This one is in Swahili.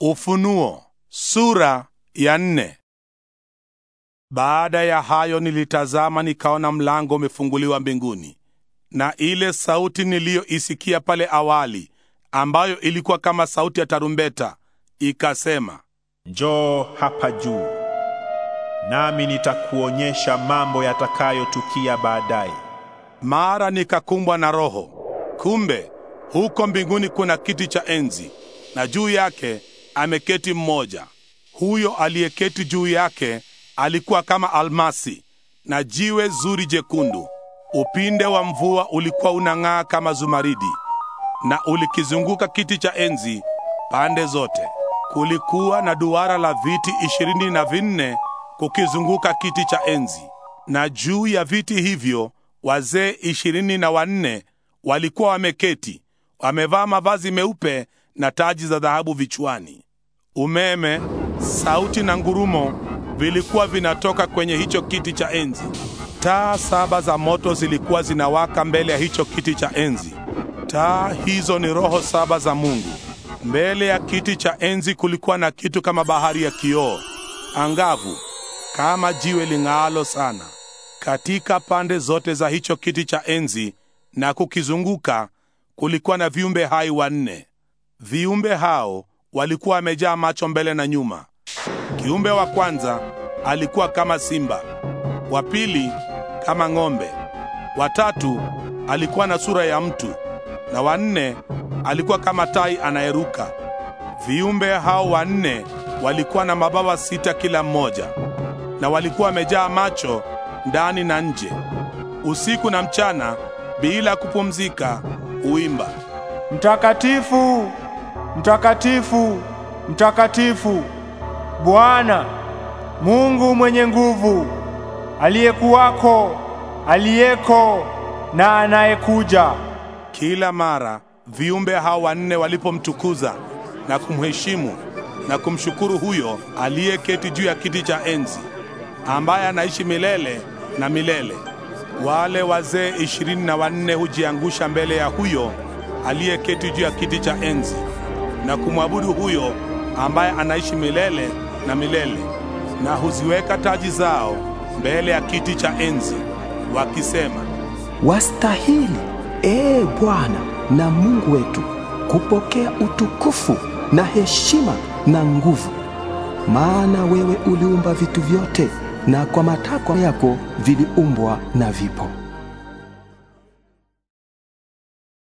Ufunuo sura ya nne. Baada ya hayo nilitazama nikaona mlango umefunguliwa mbinguni, na ile sauti niliyoisikia pale awali, ambayo ilikuwa kama sauti ya tarumbeta, ikasema, njoo hapa juu, nami nitakuonyesha mambo yatakayotukia baadaye. Mara nikakumbwa na Roho. Kumbe huko mbinguni kuna kiti cha enzi, na juu yake ameketi mmoja. Huyo aliyeketi juu yake alikuwa kama almasi na jiwe zuri jekundu. Upinde wa mvua ulikuwa unang'aa kama zumaridi, na ulikizunguka kiti cha enzi pande zote. Kulikuwa na duara la viti ishirini na vinne kukizunguka kiti cha enzi, na juu ya viti hivyo wazee ishirini na wanne walikuwa wameketi, wamevaa mavazi meupe na taji za dhahabu vichwani umeme, sauti na ngurumo vilikuwa vinatoka kwenye hicho kiti cha enzi. Taa saba za moto zilikuwa zinawaka mbele ya hicho kiti cha enzi. Taa hizo ni roho saba za Mungu. Mbele ya kiti cha enzi kulikuwa na kitu kama bahari ya kioo angavu, kama jiwe ling'aalo sana, katika pande zote za hicho kiti cha enzi na kukizunguka kulikuwa na viumbe hai wanne. Viumbe hao walikuwa wamejaa macho mbele na nyuma. Kiumbe wa kwanza alikuwa kama simba, wa pili kama ng'ombe, wa tatu alikuwa na sura ya mtu, na wa nne alikuwa kama tai anayeruka. Viumbe hao wanne walikuwa na mabawa sita kila mmoja, na walikuwa wamejaa macho ndani na nje. Usiku na mchana bila kupumzika uimba mtakatifu Mtakatifu, mtakatifu Bwana Mungu mwenye nguvu, aliyekuwako, aliyeko na anayekuja. Kila mara viumbe hao wanne walipomtukuza na kumheshimu na kumshukuru huyo aliyeketi juu ya kiti cha enzi ambaye anaishi milele na milele, wale wazee ishirini na wanne hujiangusha mbele ya huyo aliyeketi juu ya kiti cha enzi na kumwabudu huyo ambaye anaishi milele na milele, na huziweka taji zao mbele ya kiti cha enzi wakisema, wastahili ee Bwana na Mungu wetu kupokea utukufu na heshima na nguvu, maana wewe uliumba vitu vyote na kwa matakwa yako viliumbwa na vipo.